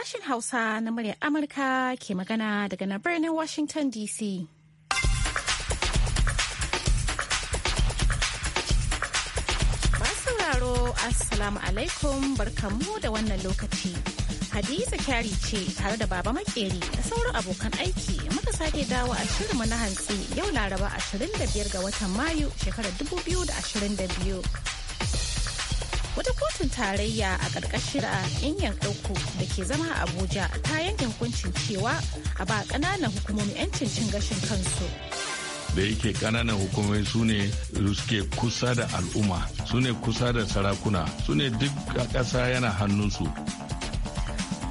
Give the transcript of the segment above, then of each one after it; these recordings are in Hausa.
sashen Hausa na muryar Amurka ke magana daga na birnin Washington DC. sauraro Assalamu alaikum barkamu da wannan lokaci. Hadiza kyari ce tare da baba makeri da sauran abokan aiki muka sake dawo a shirinmu na hantsi yau laraba 25 ga watan Mayu shekarar 2022. wata kotun tarayya a ƙarƙashin a inyan ɗauku da ke zama a abuja ta yanke hukuncin cewa a ba ƙananan hukumomi 'yancin cin gashin kansu da yake ƙananan hukumai su ne suke kusa da al'umma su ne kusa da sarakuna su ne duk ƙasa yana hannunsu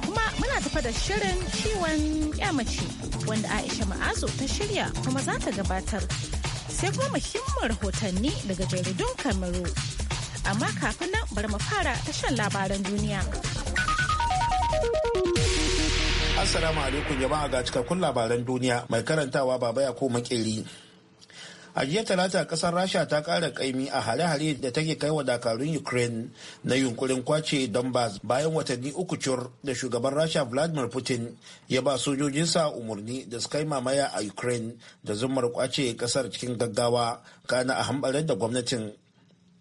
kuma muna tafa da shirin ciwon mace wanda aisha ma'azu ta shirya kuma za ta gabatar sai kuma muhimmin rahotanni daga jaridun kamaru amma kafin nan bari mu fara tashar labaran duniya. Assalamu alaikum jama'a ga cikakkun labaran duniya mai karantawa baba ya ko makeri. a jiya talata kasar rasha ta kara kaimi a hare-hare da take kai wa dakarun ukraine na yunkurin kwace donbass bayan watanni uku cur da shugaban rasha vladimir putin ya ba sojojinsa umarni da su kai mamaya a ukraine da zumar kwace kasar cikin gaggawa kana a hambarin da gwamnatin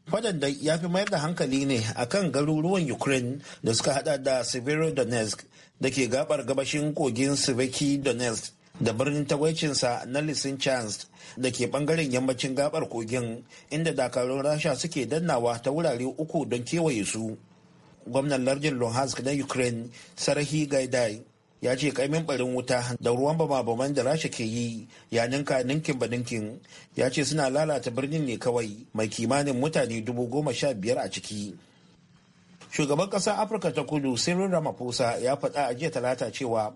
Fadan da ya fi mayar da hankali ne a kan garuruwan Ukraine da suka hada da Severodonetsk da ke gabar gabashin kogin Sveki Donetsk da birnin tawaicinsa na lisinchansk da ke bangaren yammacin gabar kogin inda dakarun Rasha suke dannawa ta wurare uku don kewaye su. Gwamnan lardin Luhansk na Ukraine, Sarahi Gaidai, ya ce kaimin barin wuta da ruwan bama-baman da rasha ke yi ya ninka ninkin ba ninkin ya ce suna lalata birnin ne kawai mai kimanin mutane dubu goma sha biyar a ciki shugaban ƙasar afirka ta kudu sirrin ramaphosa ya faɗa a jiya talata cewa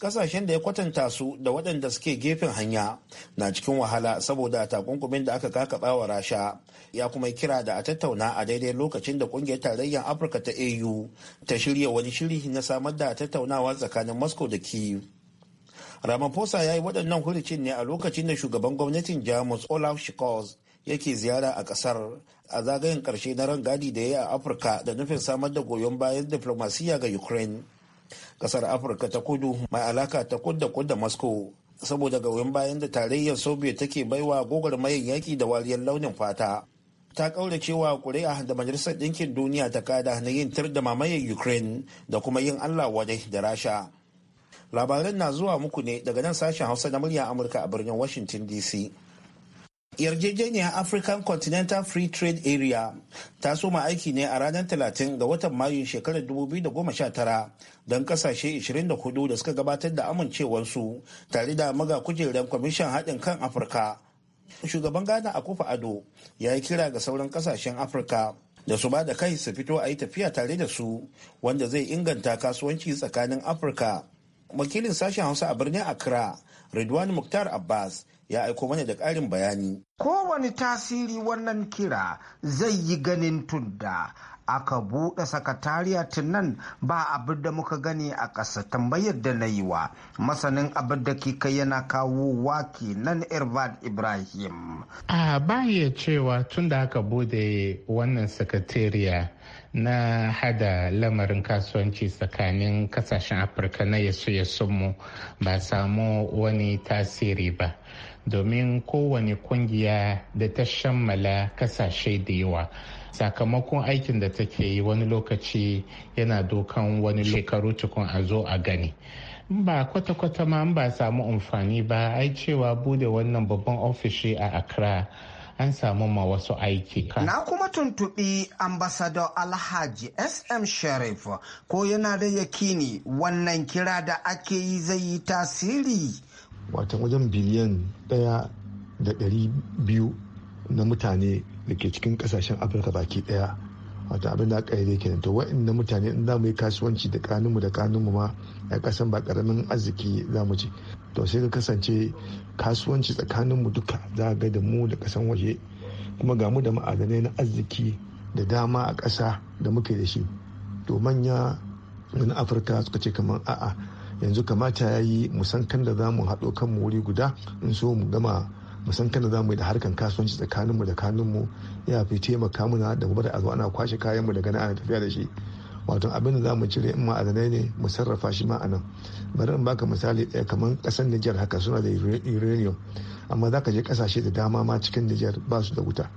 kasashen da ya kwatanta su da waɗanda suke gefen hanya na cikin wahala saboda takunkumin da aka kakaba wa rasha ya kuma kira da a tattauna a daidai lokacin da ƙungiyar tarayyar afirka ta au ta shirya wani shiri na samar da tattaunawa tsakanin moscow da kiev ramaphosa ya yi waɗannan hulicin ne a lokacin da shugaban gwamnatin jamus olaf scholz yake ziyara a ƙasar a zagayen ƙarshe na rangadi da ya yi a afirka da nufin samar da goyon bayan diflomasiyya ga ukraine kasar afirka ta kudu mai alaka ta kudu da da moscow saboda gawin bayan da tarayyar soviet take baiwa gogar mayan yaki da wariyar launin fata ta kaura cewa kuri'a da majalisar ɗinkin duniya ta kada na yin tir da mamayar ukraine da kuma yin allah wadai da rasha labaran na zuwa muku ne daga nan sashen hausa na murya amurka a birnin washington dc yarjejeniyar african continental free trade area ta soma aiki ne a ranar 30 ga watan mayu shekarar 2019 don kasashe 24 da suka gabatar da amincewarsu tare da maga kujerar kwamishin haɗin kan afirka shugaban ghana a kufa ado ya yi kira ga sauran kasashen afirka da su ba da kai su fito a yi tafiya tare da su wanda zai inganta kasuwanci tsakanin afirka wakilin sashen hausa a birnin accra ridwan muktar abbas ya aiko mana da ƙarin bayani. kowani tasiri wannan kira zai yi ganin tunda aka buɗe sakatariya nan ba abin da muka gani a ƙasa tambayar da na yi wa masanin abin da ke kai yana kawo waki nan irvad ibrahim a baya cewa tun da aka bude wannan sakatariya na hada lamarin kasuwanci tsakanin kasashen afirka na yasu mu ba samu wani tasiri ba domin kowane kungiya da ta shammala kasashe da yawa sakamakon aikin da take yi wani lokaci yana dokan wani shekaru tukun a zo a gani ba kwata-kwata ma ba samu amfani ba ai cewa bude wannan babban ofishi a accra an samu ma wasu aiki. Na kuma tuntubi ambasador Alhaji SM Sharif ko yana da yakini wannan kira da ake yi zai yi tasiri wata wajen biliyan ɗaya da ɗari biyu na mutane da ke cikin kasashen afirka baki ɗaya wata abin da aka yi kenan to wa'annan mutane in za mu yi kasuwanci da kanunmu da kanunmu ma a kasan ba karamin arziki za mu ci to sai ka kasance kasuwanci tsakaninmu duka za ga da mu da kasan waje kuma ga mu da ma'adanai na arziki da dama a ƙasa da muke da shi to manya na afirka suka ce kamar a'a yanzu kamata ya yi musankan da za mu haɗo kanmu wuri guda in so mu gama musankan da za mu yi da harkan kasuwanci tsakaninmu da kanunmu ya fi taimaka mana da gobe da azo ana kwashe kayanmu daga nan ana tafiya da shi wato abin da za mu cire in ma'adanai ne mu sarrafa shi ma a nan bari in baka misali ɗaya eh, kamar ƙasar Nijar haka suna da uranium amma za ka je ƙasashe da dama ma cikin Nijar ba su da wuta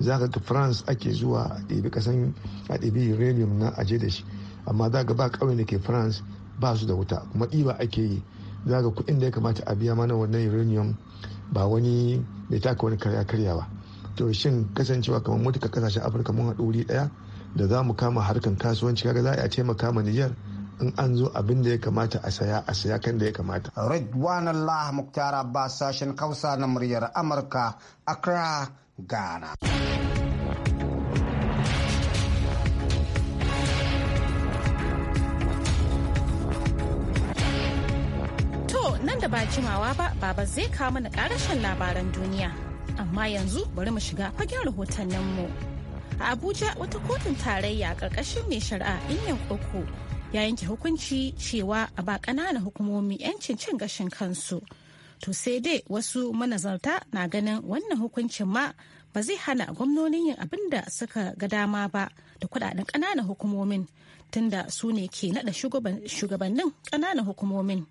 za ka ga France ake zuwa a ɗebi ƙasan a ɗebi uranium na aje da shi amma za ka ba kawai da ke France ba su da wuta kuma ɗiba ake yi za ga kuɗin da ya kamata a biya mana wannan uranium ba wani bai taka wani karya karya ba to shin kasancewa kamar mutuka kasashen afirka mun haɗu wuri ɗaya da za mu kama harkan kasuwanci kaga za a iya taimaka ma nijar in an zo abin da ya kamata a saya a saya kan da ya kamata. Ridwan Allah Muktar Abbas sashen kausa na muryar Amurka, Accra, Ghana. da ba jimawa ba baba zai kawo mana karashen labaran duniya. Amma yanzu bari mu shiga fagen mu A Abuja wata kotun tarayya ƙarƙashin mai shari'a Inyan Koko ya yanke hukunci cewa a ba ƙananan hukumomi 'yancin cin gashin kansu. To sai dai wasu manazarta na ganin wannan hukuncin ma ba zai hana gwamnonin yin abin da suka ga dama ba da kudaden ƙananan hukumomin tunda su ne ke nada shugabannin ƙananan hukumomin.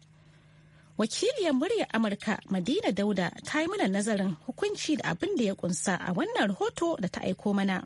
wakiliyar murya amurka madina dauda ta yi mana nazarin hukunci da abin da ya kunsa a wannan rahoto da ta aiko mana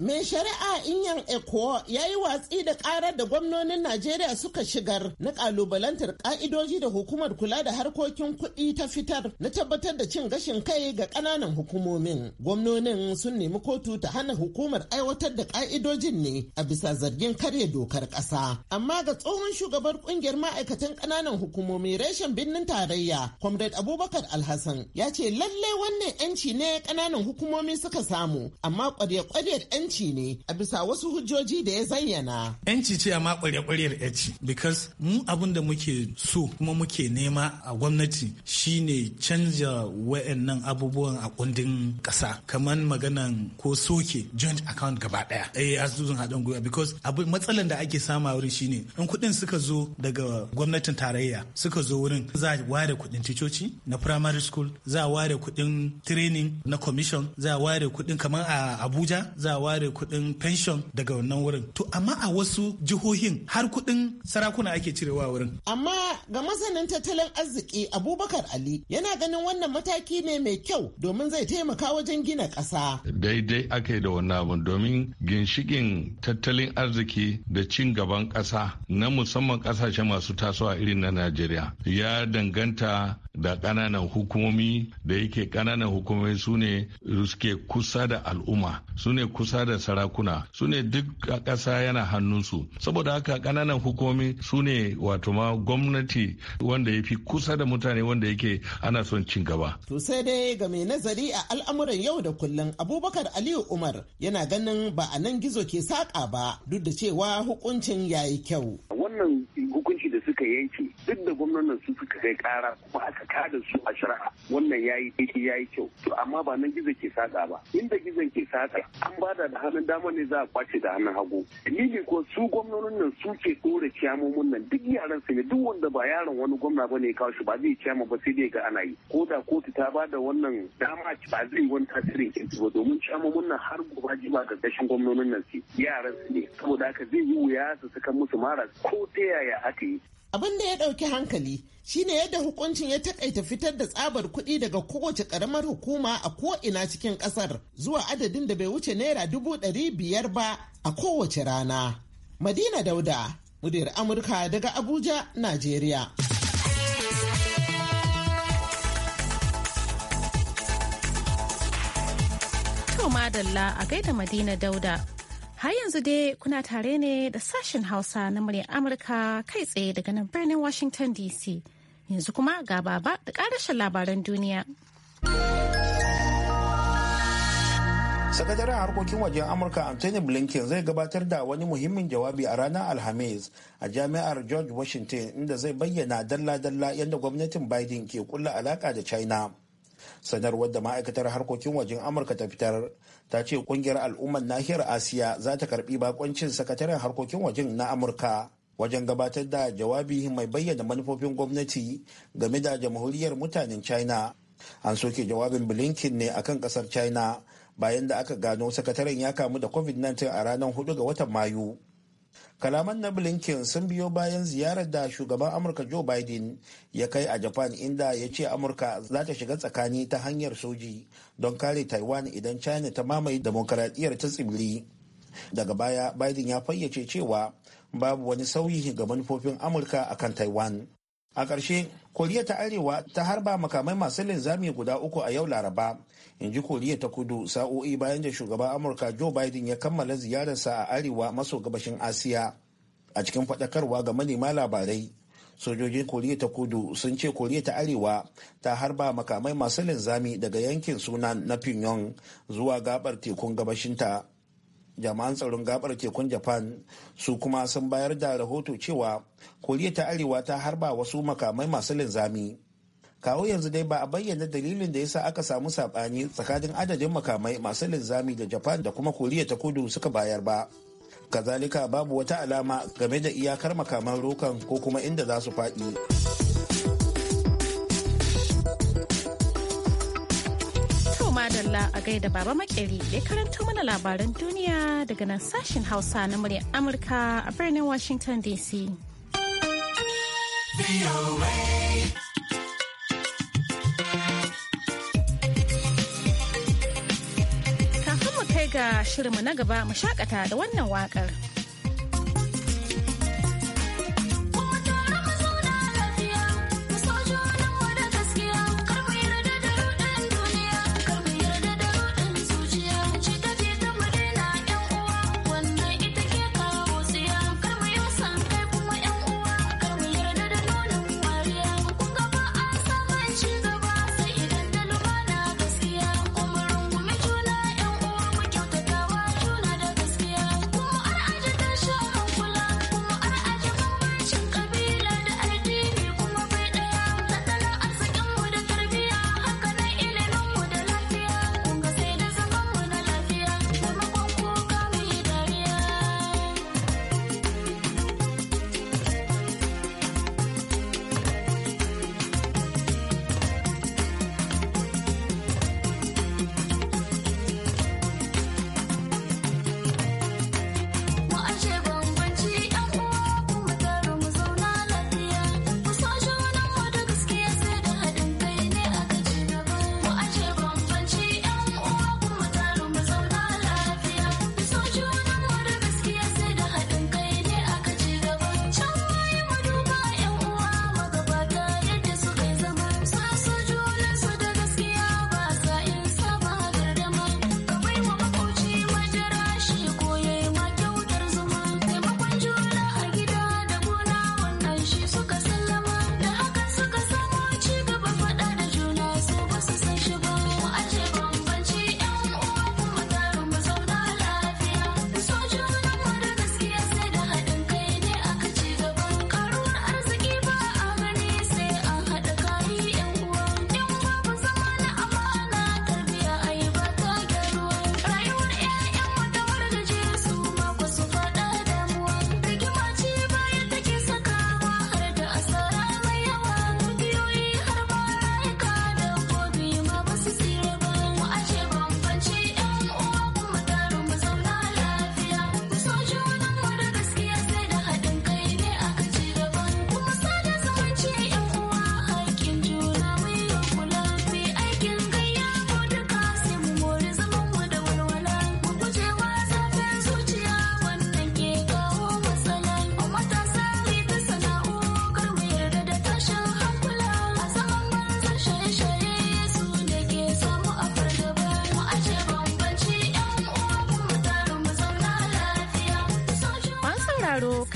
Mai shari'a Inyan Ekuwa ya yi watsi da ƙarar da gwamnonin Najeriya suka shigar na ƙalubalantar ka'idoji da hukumar kula da harkokin kuɗi ta fitar na tabbatar da cin gashin kai ga ƙananan hukumomin. Gwamnonin sun nemi kotu ta hana hukumar aiwatar da ƙa'idojin ne a bisa zargin karya dokar ƙasa. Amma ga tsohon shugabar ƙungiyar ma'aikatan ƙananan hukumomi reshen birnin tarayya, Comrade Abubakar Alhassan ya ce lallai wannan 'yanci ne ƙananan hukumomi suka samu, amma ƙwarya-ƙwaryar 'yanci ne a bisa wasu hujjoji da ya zayyana. 'Yanci ce amma ƙwarya kwaryar 'yanci because mu abin da muke so kuma muke nema a gwamnati shine canja wa'annan abubuwan a kundin kasa kamar maganan ko soke joint account gaba ɗaya. Eh asusun haɗin gwiwa because abu matsalan da ake sama wurin shine in kuɗin suka zo daga gwamnatin tarayya suka zo wurin za a ware kuɗin ticoci na primary school za a ware kuɗin training na commission za a ware kuɗin kamar a Abuja za a ware ware kuɗin pension daga wannan wurin to amma a wasu jihohin har kuɗin sarakuna ake cirewa wurin amma ga masanin tattalin arziki abubakar ali yana ganin wannan mataki ne mai kyau domin zai taimaka wajen gina ƙasa daidai ake da wannan abu, domin ginshikin tattalin arziki da cin gaban ƙasa na musamman ƙasashe masu tasowa irin na najeriya ya danganta da ƙananan hukumomi da yake ƙananan hukumomi su ne suke kusa da al'umma su ne kusa da sarakuna su ne duk a ƙasa yana hannunsu saboda haka kananan hukumomi su ne wato ma gwamnati wanda ya fi kusa da mutane wanda yake ana son cin gaba. to sai dai ga mai nazari a al'amuran yau da kullum abubakar aliyu umar yana ganin ba a nan gizo ke saƙa ba duk da cewa hukuncin ya yi kyau. wannan hukunci da suka yanke duk da gwamnatin su suka kai ƙara kuma aka da su a shari'a wannan yayi yi yayi kyau to amma ba nan gizo ke sada ba inda gizon ke sada an bada da hannun dama ne za a kwace da hannun hagu dalili ko su gwamnonin nan su ke dora ciyamomin nan duk yaran su ne duk wanda ba yaron wani gwamna ba ne kawo shi ba zai ciyama ba sai dai ga ana yi ko da kotu ta ba da wannan dama ba zai wani tasirin kinsu ba domin ciyamomin nan har gobe ji ba karkashin gwamnonin nan su yaran su ne saboda haka zai yi wuya su saka musu mara ko ta yaya aka yi abin da ya ɗauki hankali shine yadda hukuncin ya takaita fitar da tsabar kuɗi daga kowace ƙaramar hukuma a ko'ina cikin ƙasar zuwa adadin da bai wuce naira dubu ɗari biyar ba a kowace rana. Madina Dauda, muryar Amurka daga Abuja, Najeriya. madalla a gaida Madina Dauda Har yanzu dai kuna tare ne da sashen Hausa na muryar Amurka kai tsaye daga nan birnin Washington DC. Yanzu kuma ga baba da karashen labaran duniya. sakataren harkokin wajen amurka anthony blinken zai gabatar da wani muhimmin jawabi a ranar alhamis a jami'ar george washington inda zai bayyana dalla-dalla yadda gwamnatin biden ke kulla alaka da china sanarwar da ma'aikatar harkokin wajen amurka ta fitar ta ce kungiyar al'ummar nahiyar asiya za ta karbi bakoncin sakataren harkokin wajen na amurka wajen gabatar da jawabi mai bayyana manufofin gwamnati game da jamhuriyar mutanen china an soke jawabin blinken ne akan kasar china bayan da aka gano sakataren ya kamu da covid-19 a ranar 4 ga watan mayu kalaman na blinken sun biyo bayan ziyarar da shugaban amurka joe biden ya kai a japan inda ya ce amurka za ta shiga tsakani ta hanyar soji don kare taiwan idan china ta mamaye demokaradiyyar ta tsibiri daga baya biden ya fayyace cewa babu wani sauyi ga manufofin amurka akan taiwan a ƙarshe koriya ta arewa ta harba makamai masu linzami guda uku a yau laraba in ji koriya ta kudu sa'o'i bayan da shugaban amurka joe biden ya kammala ziyararsa a arewa maso gabashin asiya a cikin faɗakarwa ga manema labarai sojojin koriya ta kudu sun ce koriya ta arewa ta harba makamai masu linzami daga yankin sunan na pinyon zuwa gabar tekun gabashinta jami'an tsaron gabar tekun japan su kuma sun bayar da rahoto cewa koriya ta arewa ta harba wasu makamai masu linzami kawo yanzu dai ba a bayyana dalilin da yasa aka samu sabani tsakanin adadin makamai masu linzami da japan da kuma koriya ta kudu suka bayar ba kazalika babu wata alama game da iyakar makaman rokan ko kuma inda za su faɗi. madalla a gaida baba makeri ya karanta mana labaran duniya daga nan sashen hausa na muryar amurka a birnin washington dc kafin mu kai ga shirinmu na gaba mu shakata da wannan wakar.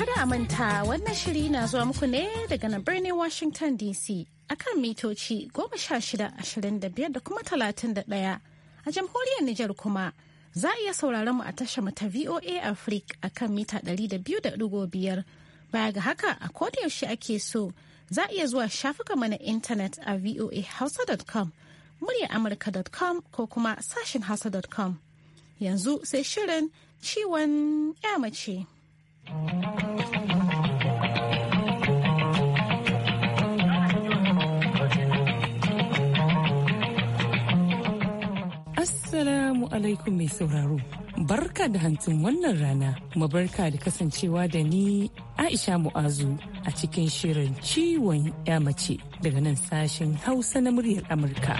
kada a manta wannan shiri na zuwa muku ne daga nan birnin Washington DC akan mitoci 1625 da kuma 31 a jamhuriyar Nijar kuma za a iya sauraron mu a tasha mata VOA Africa akan mita 200.5 baya ga haka a yaushe ake so za a iya zuwa shafukan mana intanet a voahausa.com murya amurka.com ko kuma sashin hausa.com yanzu sai shirin ciwon ya mace. Assalamu alaikum mai sauraro. Barka da hantun wannan rana, mabarka da kasancewa da ni Aisha Mu'azu a cikin shirin ciwon ya mace daga nan sashen Hausa na muryar Amurka.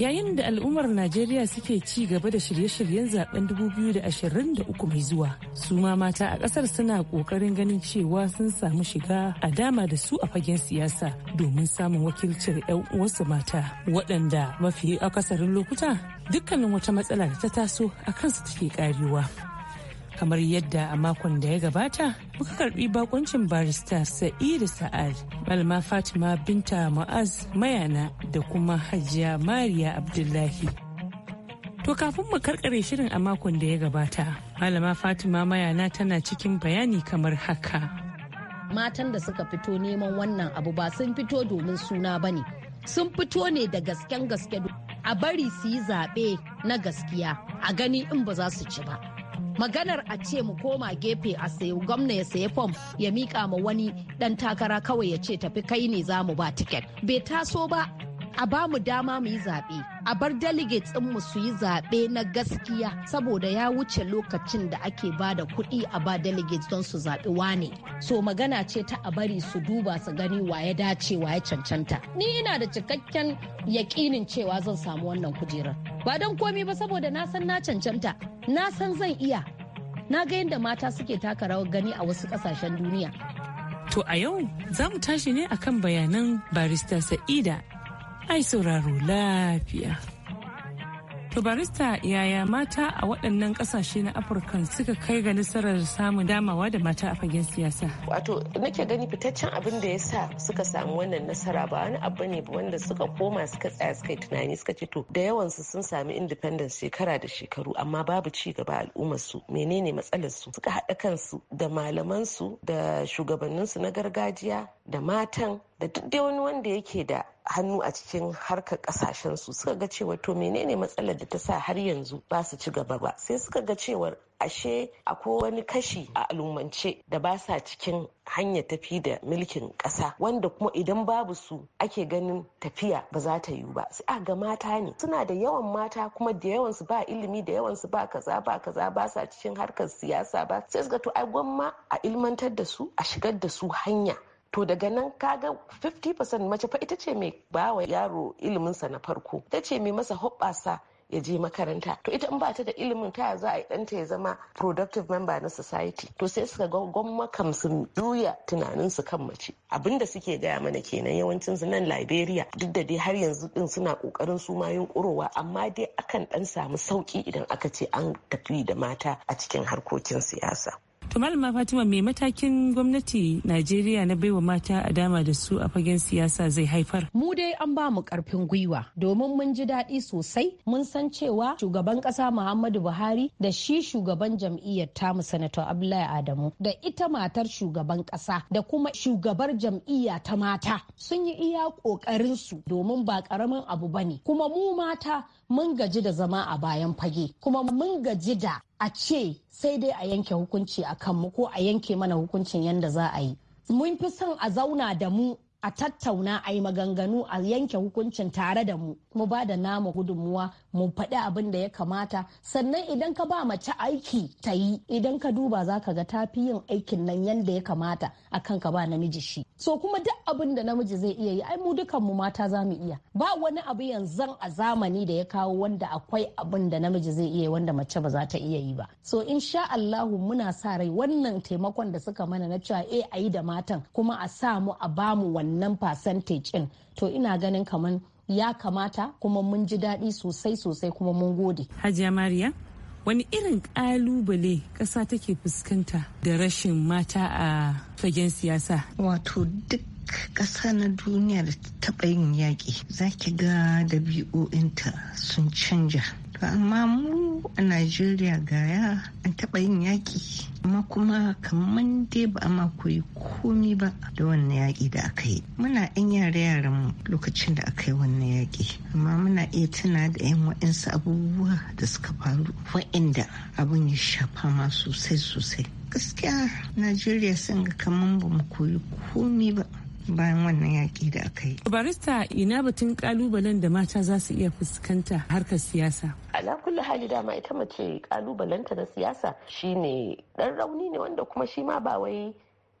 yayin da al'ummar najeriya suke ci gaba da shirye-shiryen zaben 2023 mai zuwa su ma mata a kasar suna kokarin ganin cewa sun samu shiga a dama da su a fagen siyasa domin samun wakilcin 'yan uwansu mata waɗanda mafi akasarin lokuta dukkanin wata matsala da ta taso a kansu take karewa kamar yadda a makon da ya gabata muka karbi bakoncin barista sa'idu sa'ad malama fatima binta mu'az mayana da kuma hajiya mariya abdullahi to kafin mu karkare shirin a makon da ya gabata malama fatima mayana tana cikin bayani kamar haka matan da suka fito neman wannan abu ba sun fito domin suna ba ne sun fito ne da gasken gaske a bari su yi zaɓe na gaskiya a gani in ba za su ci ba maganar a ce mu koma gefe a sayo gwamna ya sayi fom ya mika ma wani dan takara kawai ya ce tafi kai ne za mu ba tiket bai taso ba a ba mu dama mu yi zaɓe a bar delegates mu su yi zaɓe na gaskiya saboda ya wuce lokacin da ake ba da kuɗi a ba delegates don su zaɓi wane so magana ce ta a bari su duba su gani wa ya dace wa ya cancanta ni ina da cikakken yaƙinin cewa zan samu wannan kujerar ba don komi ba saboda na san na cancanta na san zan iya na ga yadda mata suke taka rawar gani a wasu ƙasashen duniya To a yau za mu tashi ne akan bayanan barista Sa'ida ai sauraro lafiya. To barista yaya mata a waɗannan ƙasashe na Afirka suka kai ga nasarar samun damawa da mata a fagen siyasa. Wato nake gani fitaccen abin da ya sa suka samu wannan nasara ba wani abu ne ba wanda suka koma suka tsaya suka yi tunani suka ce to da yawansu sun sami independence shekara da shekaru amma babu ci gaba al'ummar su menene matsalar su suka haɗa kansu da malaman su da shugabanninsu na gargajiya da matan da duk dai wani wanda yake da hannu a cikin harkar kasashen su suka ga cewa to menene matsalar da ta sa har yanzu ba su ci gaba ba sai suka ga cewar ashe akwai wani kashi a alumance da ba sa cikin hanya tafi da milkin kasa wanda kuma idan babu su ake ganin tafiya ba za ta yiwu ba sai a ga mata ne suna da yawan mata kuma da yawan su ba ilimi da yawan su ba kaza ba kaza ba sa cikin harkar siyasa ba sai suka ga to ai gwamma a ilmantar da su a shigar da su hanya to daga nan kaga 50% mace fa ita ce mai bawa yaro iliminsa na farko ita ce mai masa hoɓɓasa ya je makaranta to ita in ba ta da ilimin ta za a yi ɗanta ya zama productive member na society to sai suka ga gwamma su juya tunanin su kan mace abinda suke gaya mana kenan yawancin su nan liberia duk da dai har yanzu din suna kokarin su ma amma dai akan dan samu sauki idan aka ce an tafi da mata a cikin harkokin siyasa To malama Fatima mai matakin gwamnati Najeriya na baiwa mata a dama da su a fagen siyasa zai haifar. Mu dai an ba mu karfin gwiwa domin mun ji daɗi sosai mun san cewa shugaban ƙasa Muhammadu Buhari da shi shugaban jam'iyyar tamu sanata Abdullahi Adamu da ita matar shugaban ƙasa da kuma shugabar jam'iyya ta mata sun yi iya ƙoƙarinsu domin ba ƙaramin abu bane kuma mu mata mun gaji da zama a bayan fage kuma mun gaji da a ce sai dai a yanke hukunci a kanmu ko a yanke mana hukuncin yadda za a yi mun fi son a zauna da mu a tattauna a yi maganganu a yanke hukuncin tare da mu mu ba da namu gudunmuwa mu faɗi abin da ya kamata sannan idan ka ba mace aiki ta yi idan ka duba za ka ga ta fi yin aikin nan yanda ya kamata a kan ka ba namiji shi so kuma duk abin da namiji zai iya yi ai mu dukan mu mata za mu iya ba wani abu yanzu a zamani da ya kawo wanda akwai abin da namiji zai iya wanda mace ba za ta iya yi ba so insha Allahu muna sa rai wannan taimakon da suka mana na cewa eh a yi da matan kuma a sa mu a bamu wannan wannan percentage to ina ganin kamar ya kamata kuma mun ji daɗi sosai sosai kuma mun gode. Hajiya Mariya, wani irin ƙalubale ƙasa take fuskanta da rashin mata a fagen siyasa? Wato duk ƙasa na duniya da ta taɓa yin yaƙi zaki ki ga ɗabi'o'inta sun canja Ba amma mu a Najeriya gaya an taɓa yin yaƙi amma kuma kamar dai ba a ma koyi komi ba da wannan yaƙi da aka yi. Muna 'yan yare mu lokacin da aka yi wannan yaƙi amma muna iya tuna da 'yan wa'insu abubuwa da suka faru wa'inda abun ya shafa ma sosai sosai. Gaskiya Najeriya sun ga kamar ba mu koyi komi ba. bayan wannan yaƙi da aka yi. barista ina batun kalubalen da mata za su iya fuskanta harkar siyasa ala kulli hali dama ita mace kalubalenta na siyasa shine dan rauni ne wanda kuma shi ma ba wai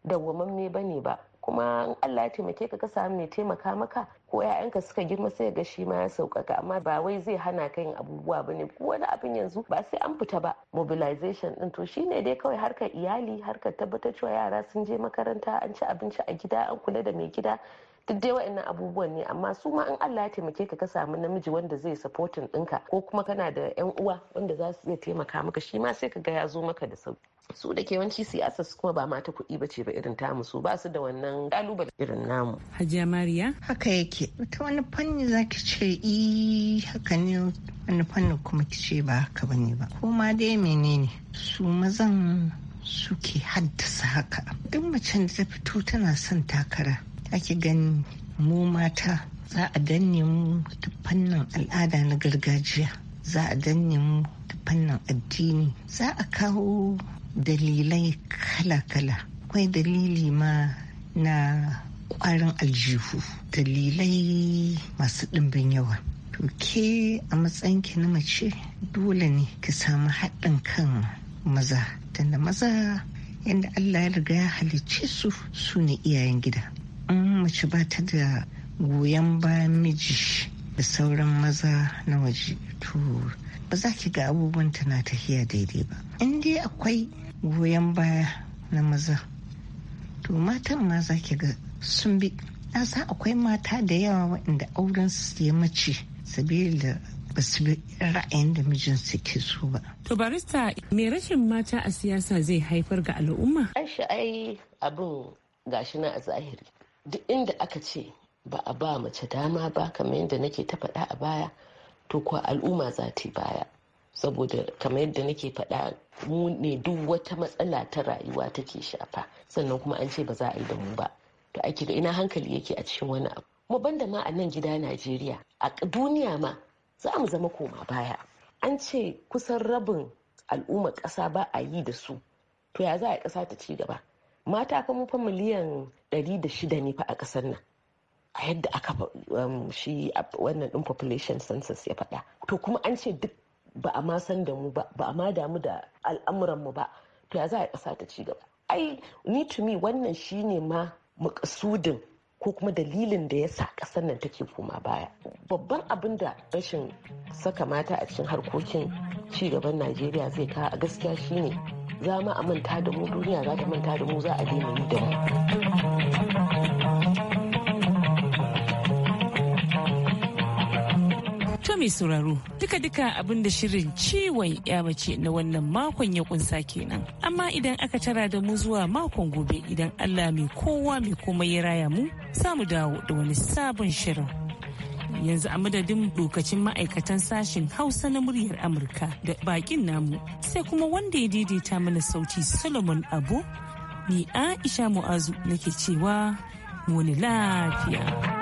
dawwamamme bane ba kuma in Allah ya taimake ka ka samu mai taimaka maka ko 'ya'yanka suka girma sai ga shi ma ya sauƙaƙa amma ba wai zai hana ka yin abubuwa ne ko wani abin yanzu ba sai an fita ba mobilization din to shine dai kawai harkar iyali harkar tabbatar cewa yara sun je makaranta an ci abinci a gida an kula da mai gida duk dai wa'annan abubuwan ne amma su ma in Allah ya taimake ka ka samu namiji wanda zai supporting ɗinka ko kuma kana da yan uwa wanda za su iya taimaka maka shi ma sai ka ga ya zo maka da sauki su da kewanci siyasa su kuma ba mata kuɗi ba ce ba irin tamu su ba su da wannan kalubale irin namu. Hajiya Mariya? Haka yake. Ta wani fanni za ki ce i haka ne wani fanni kuma ki ce ba haka ba ne ba. Ko ma dai menene su mazan suke haddasa haka. Duk macen da ta fito tana son takara. ake gani mu mata za a danne mu ta fannin al'ada na gargajiya za a danne mu ta fannin addini za a kawo dalilai kala-kala akwai dalili ma na ƙwarin aljihu dalilai masu ɗimbin yawa to ke a matsayinki na mace dole ne ki samu haɗin kan maza tunda maza yadda allah ya riga ya halicce su su ne iyayen gida in mm, mace ba ta da goyon bayan miji da sauran maza na waje to ba za ki ga abubuwan na tafiya daidai ba in dai akwai goyon baya na maza to matan ma za ki ga sun bi na san akwai mata da yawa waɗanda auren su ya mace ba su bi ra'ayin da mijinsu ke so ba. To barista me rashin mata a siyasa zai haifar ga al'umma? Aisha ai abin gashi na a zahiri. duk inda aka ce ba a ba mace dama ba kamar yadda nake ta faɗa a baya to kuwa al'umma za ta baya saboda kamar yadda nake faɗa mu ne duk wata matsala ta rayuwa take shafa sannan kuma an ce ba za a yi da mu ba to ake da ina hankali yake a cikin wani abu mu banda ma a nan gida najeriya a duniya ma za mu zama koma baya an ce kusan rabin al'ummar ƙasa ba a yi da su to ya za a ƙasa ta ci gaba mata fa fa miliyan shida ne fa a ƙasar nan a yadda aka um, shi wannan din population census ya faɗa to kuma an ce duk ba a ma san da mu ba ba a ma damu da al'amuran mu ba to ya za a ƙasa ta ci gaba ai ni to me wannan shine ma makasudin ko kuma dalilin da ya sa ƙasar nan take koma baya babban abin da rashin saka mata a cikin harkokin ci gaban najeriya zai kawo a gaskiya shine za mu a manta da mu duniya za ta manta da mu za a daina yi da mu. To mai sauraro duka-duka abin da shirin ciwon ya mace na wannan makon ya kunsa kenan. Amma idan aka tara da mu zuwa makon gobe idan Allah mai kowa mai komai ya raya mu, samu dawo da wani sabon shirin. yanzu a madadin lokacin ma'aikatan sashen hausa na muryar amurka da bakin namu sai kuma wanda ya daidaita mana sauti solomon abu ni aisha mu'azu nake cewa muni lafiya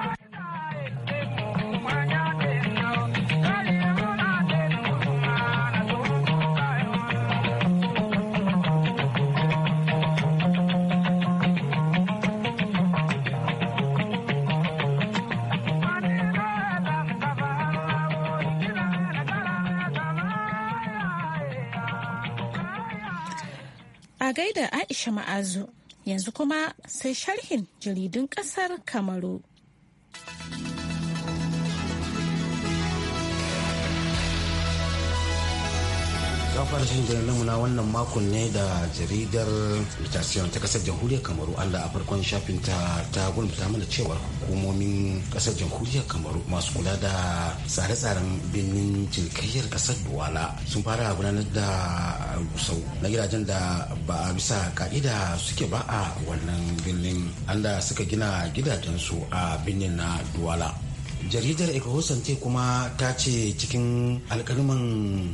Azu. yanzu kuma sai sharhin jaridun ƙasar kamaru. za fara shirin da na wannan makon ne da jaridar litasiyon ta kasar jamhuriyar kamaru allah a farkon shafin ta ta gulmata mana cewar hukumomin kasar jamhuriyar kamaru masu kula da tsare-tsaren birnin cinikayyar kasar duwala sun fara gudanar da rusau na gidajen da ba a bisa ka'ida suke ba a wannan birnin allah suka gina gidajensu a birnin na duwala jaridar ecohosante kuma ta ce cikin alkalman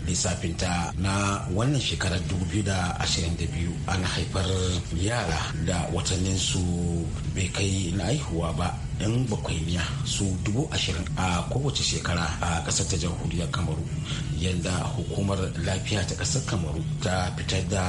lissafinta na wannan shekarar 2022 an haifar yara da watanninsu bai kai na aihuwa ba yan bakwainiya su dubu ashirin a kowace shekara a kasar ta jamhuriyar kamaru yadda hukumar lafiya ta kasar kamaru ta fitar da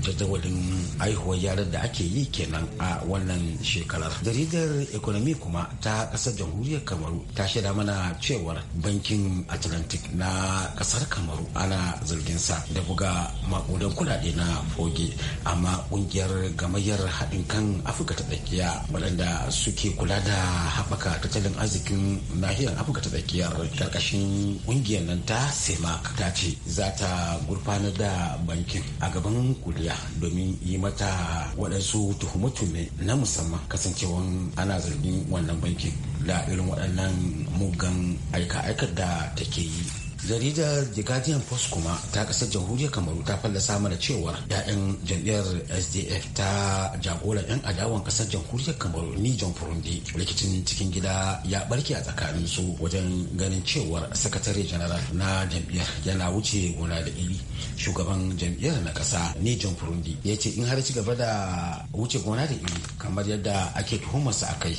jadawalin aihuwar yaran da ake yi kenan a wannan shekarar jaridar economy kuma ta kasar jamhuriyar kamaru ta shaida mana cewar bankin atlantic na kasar kamaru ana zargin sa da buga makudan kudade na foge amma kungiyar gamayyar haɗin kan afirka ta tsakiya waɗanda suke kula da haɓaka tattalin arzikin nahiyar afirka ta tsakiyar karkashin ƙungiyar nan ta semak ta ce za ta gurfanar da bankin a gaban kuliya domin yi mata waɗansu tuhume-tuhume na musamman kasancewan ana zargin wannan bankin da irin waɗannan mugan aika-aikar da take yi jaridar the guardian post kuma ta kasar jamhuriyar kamaru ta fallasa mana cewar ya'yan jam'iyyar sdf ta jagora yan adawan kasar jamhuriyar kamaru ni john furundi rikicin cikin gida ya barke a tsakanin su wajen ganin cewar sakatare general na jam'iyyar yana wuce gona da iri shugaban jam'iyyar na kasa ni john furundi ya ce in har ci gaba da wuce gona da iri kamar yadda ake tuhumarsa a kai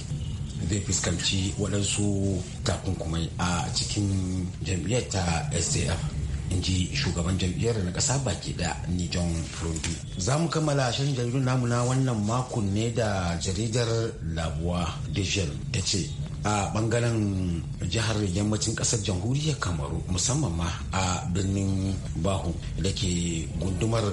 zai fuskanci waɗansu takunkumai a cikin jam'iyyar ta sdf in ji shugaban jam'iyyar na ƙasa baki da nijon frondi za mu kammala shirin jaridun namu na wannan makon ne da jaridar labuwa digital ta ce a bangaren jihar yammacin kasar jamhuriyar kamaru musamman ma a birnin bahu da ke gundumar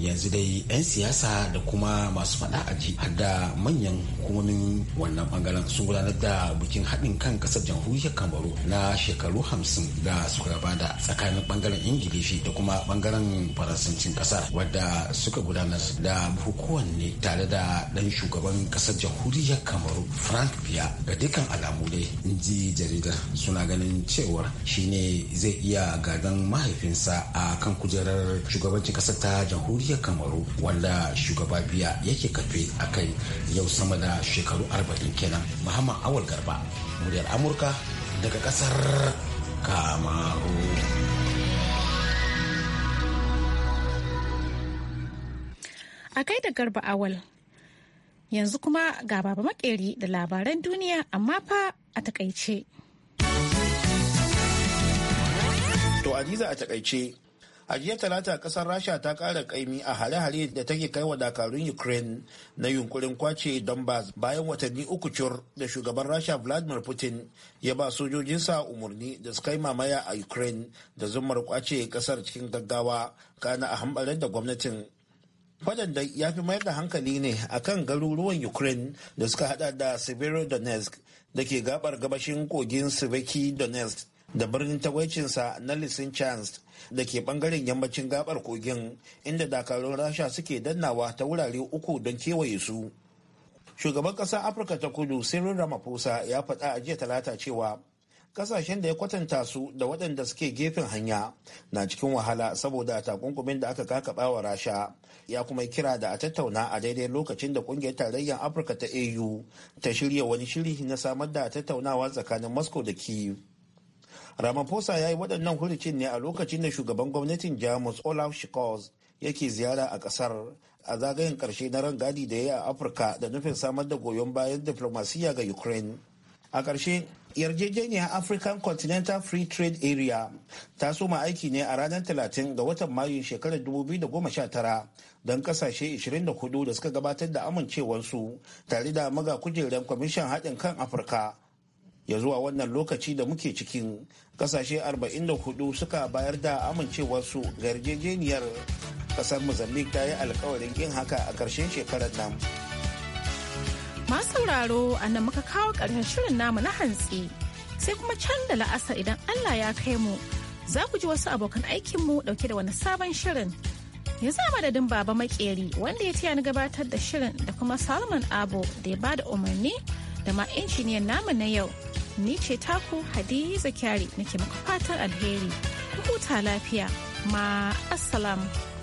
yanzu dai 'yan siyasa da kuma masu fada a ji har da manyan hukumomin wannan bangaren sun gudanar da bikin haɗin kan kasar jamhuriyar kamaru na shekaru hamsin da suka gabata tsakanin bangaren ingilishi da kuma bangaren faransancin kasar wadda suka gudanar da bukukuwan ne tare da ɗan shugaban kasar jamhuriyar kamaru frank biya ga dukkan alamu dai in jarida suna ganin cewar shine zai iya gadon mahaifinsa a kan kujerar shugabancin kasar ta jamhuriyar kamaru wanda shugaba biya yake kafe a kai yau sama da shekaru 40 kenan muhammad awal garba muryar amurka daga kasar kamaru a kai da garba awal Yanzu kuma ga baba makeri da labaran duniya amma fa a takaice. To Hadiza a takaice, a jiya talata kasar Rasha ta kara kaimi a hare-hare da take kai wa dakarun Ukraine na yunkurin kwace Donbass bayan watanni uku cur da shugaban Rasha Vladimir Putin ya ba sojojinsa umarni da su kai mamaya a Ukraine da zumar kwace kasar cikin gaggawa kana a hambarar da gwamnatin. da ya fi mayar da hankali ne a kan garuruwan ukraine da suka hada da severodonetsk da ke gabar gabashin kogin sveki donetsk da birnin tagwacinsa na lisinchans da ke bangaren yammacin gabar kogin inda dakarun rasha suke dannawa ta wurare uku don kewaye su shugaban ƙasar afirka ta kudu sirrin ramaphosa ya faɗa a jiya talata cewa kasashen da ya kwatanta su da waɗanda suke gefen hanya na cikin wahala saboda takunkumin da aka kakaba wa rasha ya kuma kira da a tattauna a daidai lokacin da kungiyar tarayyar afirka ta au ta shirya wani shiri na samar da tattaunawa tsakanin moscow da kiev ramaphosa ya yi waɗannan hulicin ne a lokacin da shugaban gwamnatin jamus olaf scholz yake ziyara a ƙasar a zagayen ƙarshe na rangadi da ya yi a afirka da nufin samar da goyon bayan diflomasiyya ga ukraine a ƙarshe yarjejeniya african continental free trade area ta soma aiki ne a ranar 30 ga watan mayu shekarar 2019 don kasashe 24 da suka gabatar da amincewarsu tare da maga kujerar kwamishin haɗin kan afirka ya zuwa wannan lokaci da muke cikin kasashe 44 suka bayar da amincewarsu ga yarjejeniyar kasar mozambique ta yi alkawarin yin haka a ƙarshen shekarar nan. Masu sauraro a nan muka kawo ƙarshen shirin namu na hantsi sai kuma can da la'asa idan Allah ya kai mu za ku ji wasu abokan aikinmu ɗauke da wani sabon shirin. Ya za madadin baba makeri wanda ya tiya ni gabatar da shirin da kuma Salman Abo da ya bada umarni da ma injiniyan namu na yau. Ni ce taku Hadiza Kyari nake maka fatan alheri. Ku huta lafiya. Ma assalamu.